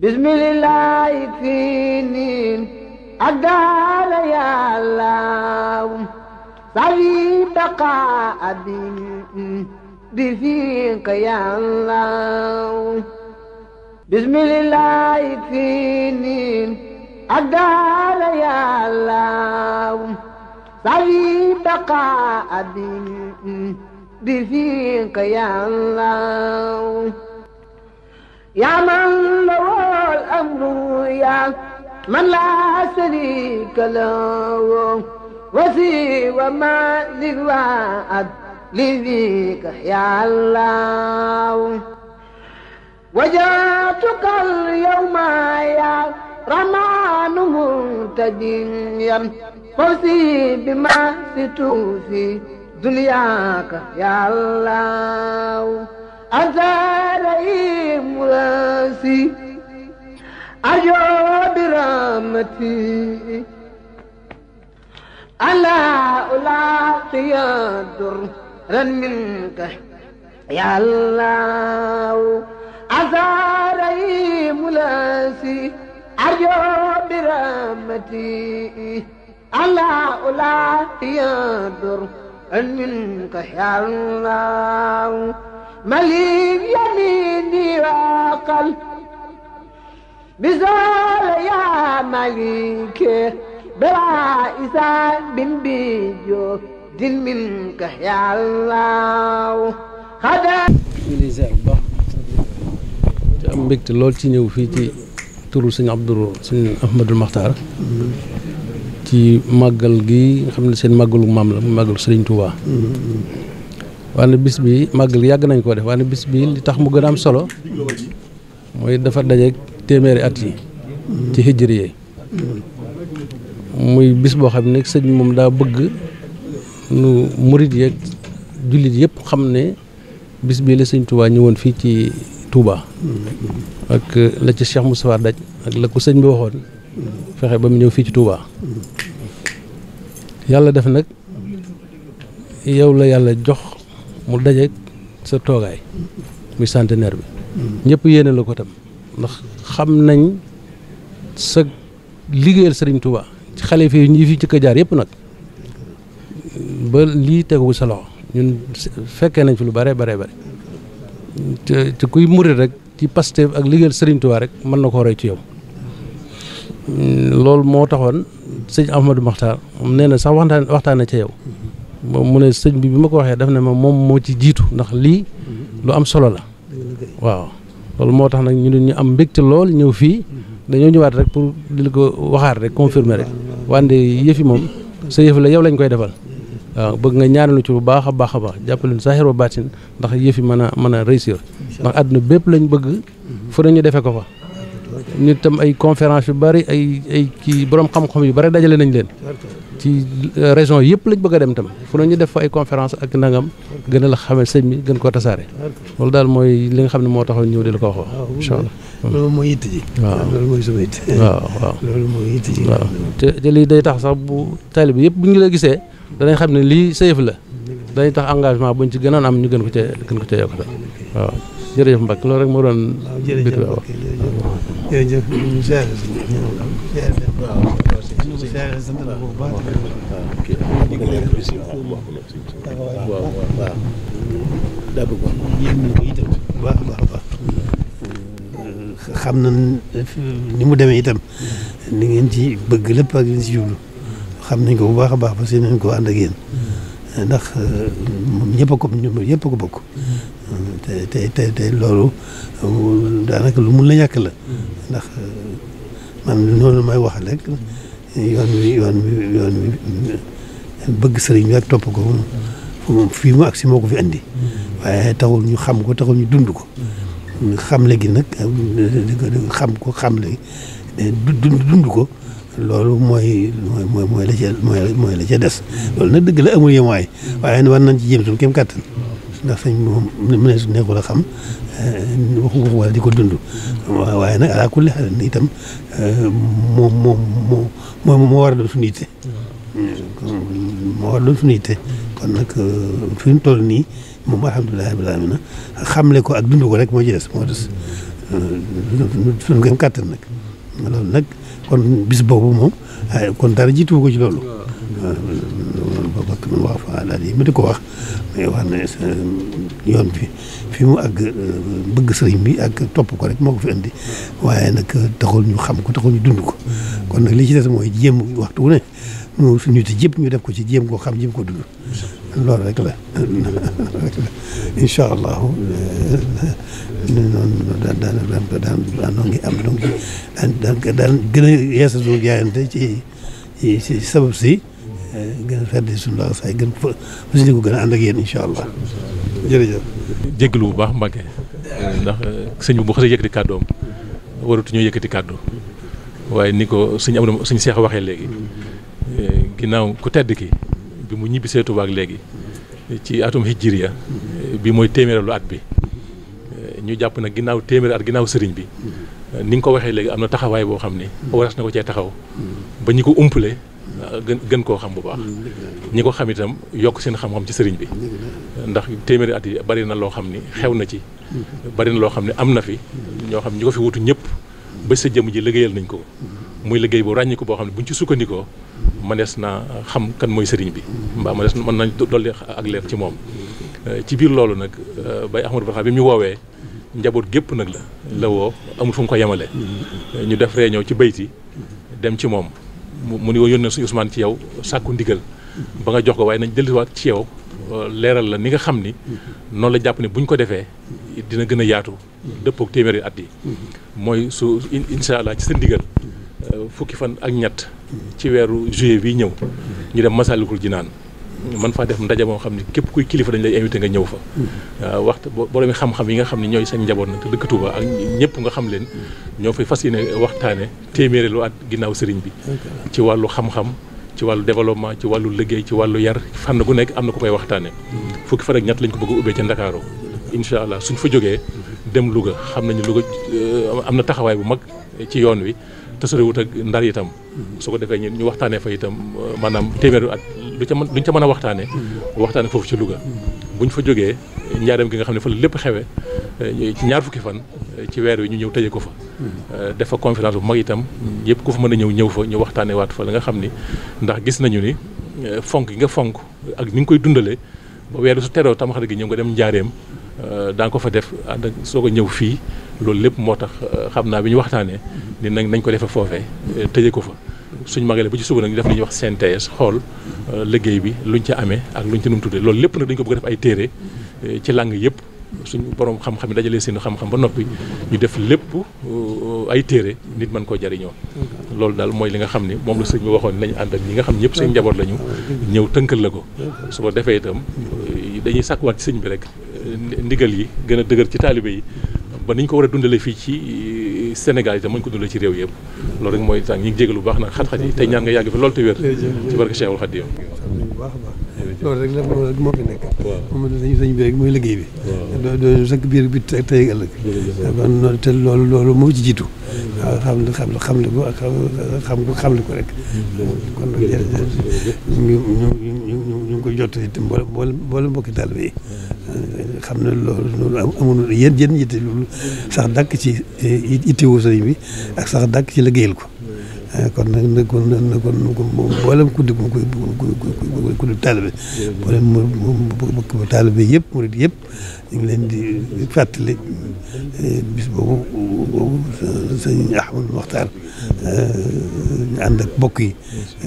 bismillah fii niin ak daara yàllaaw sawi baqa abi bi fiika bismillah fii niin ak daara yàllaaw sawi baqa abi bi fiika الأمر يا من لا شريك له وفي وما للوعد لذيك يا الله وجاتك اليوم يا رمان منتجيا فوزي بما ستوفي دنياك يا الله أنت رئيم راسي أجر برامتي ألا ألاقي درا منك يا الله أزاري ملاسي أرجو برامتي ألا ألاقي درا منك يا الله مليك يميني وقلبي بزول يا مليك bela بالبيجو دل منك يا الله خدم am mbégte lool ci ñëw fii ci turu sëñ Abdou sëñ Ahmadul Makhtar. ci màggal gi nga xam ne seen la mu màggalu Touba waaye bis bi màggal yàgg nañ koo def bis bi li tax mu am solo dafa téeméeri at yi ci hijri muy bis boo xam ne sëñ moom daa bëgg nu murit yeeg jullit yëpp xam ne bis bii la sëñ Touba ñëwoon fii ci tuuba ak la ci Cheikh Moustapha daj ak la sëñ bi waxoon fexe ba mu ñëw fii ci Touba yàlla def nag yow la yàlla jox mu daje sa toogaay muy centenaire bi ñëpp yéene la ko tam ndax xam nañ sa liggéeyal sëriñ Touba ci xalifa yi ñu fi jëkk jaar yépp nag ba lii tegu sa loxo ñun fekkee nañ fi lu bare bare bare te kuy murit rek ci Pastef ak liggéeyal sëriñ Touba rek mën na koo roy ci yow loolu moo taxoon sëñ Ahmadou Makhtar nee na sax waxtaan waxtaan na ca yow mu ne sëñ bi bi ma ko waxee daf na ma moom moo ci jiitu ndax lii lu am solo la waaw loolu moo tax nag ñu ñu am mbégte lool ñëw fii dañoo ñëwaat rek pour di la ko waxaat rek confirmer rek wande yëfi moom sa yëf la yow lañ koy defal waaw bëgg nga ñaanalu ci bu baax a baax a baax jàppale leen saxir wa baatin ndax yëfi mën a mën a réussir ndax àdduna bépp lañ bëgg fu ne ñu defee ko fa ñu tam ay conférence yu bari ay ay kii borom xam-xam yu bari dajale nañ leen ci euh, région yëpp lañ bëgg a dem tam fu ne ñu def fa ay conférence ak nangam gën a la xamee gën koo tasaare loolu daal mooy li nga xam ne moo taxoon ñëw di la ko wax ah, incha allah loolu mooy yitt ji waaw loolu mooy te lii day tax sax bu taalibe yëpp ñu la gisee danañ xam ne lii sa yëf la dañuy tax engagement buñ ci gënoon am ñu gën ko ca gën ko ca yokkata waaw jërëjëf Mbacke loolu rek moo doon ah, bit waaw sant na bu baax waaw waaw baax a baax a xam na ni mu demee itam ni ngeen ci bëgg lépp ak ngeen xam nañ ko bu baax a baax parce que nañ ko ànd ak yéen ndax moom ñëpp a ko ñëpp a ko bokk te te te lu mun la ñàkk la ndax man noonu may wax yoon wi yoon wi bëgg sëriñ bi ak topp ko moom mu ak si moo ko fi andi waaye taxul ñu xam ko taxul ñu dund ko xam léegi nag xam ko xam léegi dund ko loolu mooy mooy mooy la ca mooy la ca des loolu nag dëgg la amul yem waaye waaye war nañ ci jéem suñu kéem ndax sëñ moom mënees nekkul a xam eh, waxu ko di ko dund waaye nag ala kulli xaal itam eh, moom moom moo moo moo war a a doon suñu yitte kon nag eh, fi mu toll nii moom alhamdulilah rabbil aalamiina xamle ko ak dund ko rek moo ci des moo des suñu gëm kàttan nag loolu nag kon bis boobu moom kon dara jiitu ko ci loolu sunu wax fa daal yi ma di ko wax mais wax ne euh, fi mu àgg euh, bëgg sëriñ bi ak topp ko rek moo ko fi indi waaye nag euh, taxul ñu xam ko taxul ñu dund ko kon nag li ci des mooy jéem waxtu wu ne mu suñu te jëpp ñu def ko ci jéem koo xam jéem ko dund loolu rek la rek la incha allahu am donc daan daan gën a yeesal jaayante ci ci sabab si gën a fedd suñu gën fa fas yéene ko gën a ànd ak yéen incha allah jërëjëf. jégalu bu baax Mbacke ndax sëñ bi bu xasee yëkkati kàddoom waratu ñoo yëkkati kàddu waaye ni ko suñu am suñu seex waxee léegi ginnaaw ku tedd ki bi mu ñibbi Tuubaa ak léegi ci atum hijjiriya bi mooy téeméeralu at bi ñu jàpp nag ginnaaw téeméer at ginnaaw sëriñ bi ni nga ko waxee léegi am na taxawaay boo xam ni waras na ko cee taxaw ba ñu ko umpale gën gën koo xam bu baax ñi ko xam itam yokk seen xam-xam ci sëriñ bi ndax téeméeri at yi bari na loo xam ni xew na ci bari na loo xam ne am na fi ñoo xam ñi ko fi wutu ñëpp ba sa jëm ji liggéeyal nañ ko muy liggéey bu ràññiku boo xam ne buñ ci sukkandikoo mënees naa xam kan mooy sëriñ bi mbaa mënees mën nañ dolli ak leer ci moom ci biir loolu nag euh, bay Ahmadou Barxa bi mu woowee njaboot gépp nag la la woo amul fu mu ko yemale ñu def réunion ci bayti dem ci moom mu ni woo yónnee suñu Ousmane ci yow sàkku ndigal ba nga jox ko waaye nañ delluwaat ci yow euh, leeral la ni nga xam ni noonu la jàpp ne bu ñu ko defee dina gën a yaatu dëppook téeméeri at yi mooy su insha allah ci sa ndigal euh, fukki fan ak ñett ci weeru juillet bi ñëw ñu dem Masalikul naan man faa def ndaje moo xam ne képp kuy kilifa dañ lay invité nga ñëw fa waxtu boroomi xam-xam yi nga xam ne ñooy sañ njaboot nag te dëkk Touba ak ñëpp nga xam leen ñoo fay fas yéene waxtaane bi ci wàllu xam ci wàllu développement ci wàllu liggéey ci wàllu yar fànn gu nekk am na ko koy waxtaane hmm. fukki fan ak ñett lañ ko bëgg a ubbee ca Ndakaaru incha fa jógee dem Louga xam nañu Louga euh, am na taxawaay bu mag ci yoon wi te soriwut ak ndar itam hmm. su ko defee ñu waxtaanee fa itam euh, maanaam téeméeru at du ca mën duñ ca mën a waxtaane waxtaane foofu ci Louga ñu fa jógee njaareem gi nga xam ne fa la lépp xewe eh, ci ñaar fukki fan eh, ci weer wi ñu ñëw tëjee ko fa eh, def fa conférence bu mag itam yëpp ku fa mën a ñëw ñëw fa ñu waxtaane waat fa la nga xam ni ndax gis nañu ni fonk gi nga fonk ak ni nga koy dundalee ba weer wi su teroo tamaxare gi ñëw nga dem njaareem daa ko fa def ànd ak soo ko ñëw fii loolu lépp moo tax xam naa bi ñu waxtaanee ni nañ ko defee foofe tëje ko fa suñ magalee ba ci suba nag ñu def li wax synthèse xool euh, liggéey bi luñ ci amee ak luñ ci nu mu tuddee loolu lépp nag dañ ko bëgg def ay téere euh, ci làng yëpp suñ borom xam-xam yi dajalee seen xam-xam ba noppi ñu def lépp euh, ay téere nit mën koo jariñoo loolu daal mooy li nga xam ni moom la sëñ bi waxoon nañu ànd ak ñi nga xam ñëpp seen njaboot lañu ñëw tënkal la ko su ko defee itam dañuy sàkkuwaat ci sëñ bi rek ndigal yi gën a dëgër ci taalibe yi ba ci Sénégal itam mañ ko dundee ci réew yëpp loolu rek mooy tànk ñi ngi jégal bu baax nag xat-xat yi tey ñaan nga yàgg fi loolu te wér ci barke Cheikhul Khadim baax baax loolu rek la loolu rek moo fi nekk moom dañu dañu bi rek mooy liggéey bi doo sëkk biir bi tey ëllëg kon te loolu loolu moo ci jiitu waaw xam ne xam xam le ko xam ko xam le ko rek kon nag jërëjëf ñu ñu ñu ñu ngi ko jottali mboolem mboolem mbokki taalibe yi xam na loolu loolu amoon yéen yéen yitte loolu sax dakk ci eh, ittewoo sëriñ bi ak sax dàkk ci liggéeyal ko eh, kon nag na kon na kon mboolem ku di ku ku ku ku ku taalibe mboolem mu taalibe yëpp murid yëpp ñu ngi leen di fàttali eh, bis boobu boobu sëñ Ahmadou Mokhtar eh, ñu ànd ak bokk yi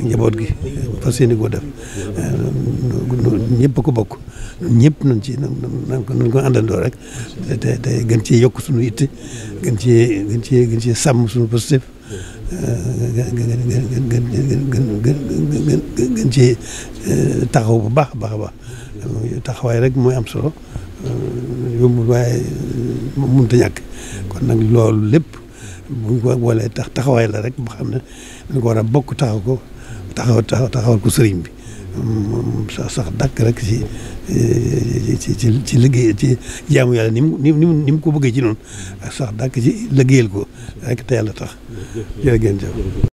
njaboot gi fas yéene koo def eh, ñëpp ko bokk ñëpp nañ ci nañ ko nañ ko àndandoo rek te te gën cee yokk suñu itte gën cee gën cee gën cee sàmm suñu positif gën gën gën ci euh, taxaw bu baax a baax a baax taxawaay rek mooy am solo euh, yombul waaye euh, mënut a ñàkk kon nag loolu lépp bu ko tax taxawaay la rek boo xam ne dañ ko war a bokk taxaw ko taxaw taxawal ko sëriñ bi sax dàkk rek ci eh, ci ci ci liggéey ci jaamu yàlla bëggee ci noonu ak sax dàkk ci liggéeyal ko rek tax jërë ngeen jëf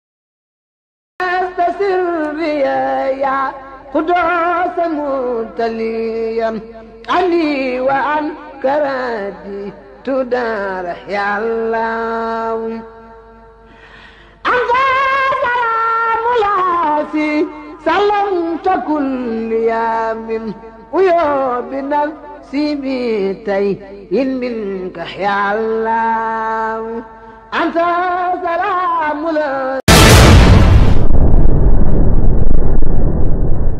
قدوس متليا علي وعن كل يوم ويا بنفسي بيتي إن منك يا الله أنت سلام الله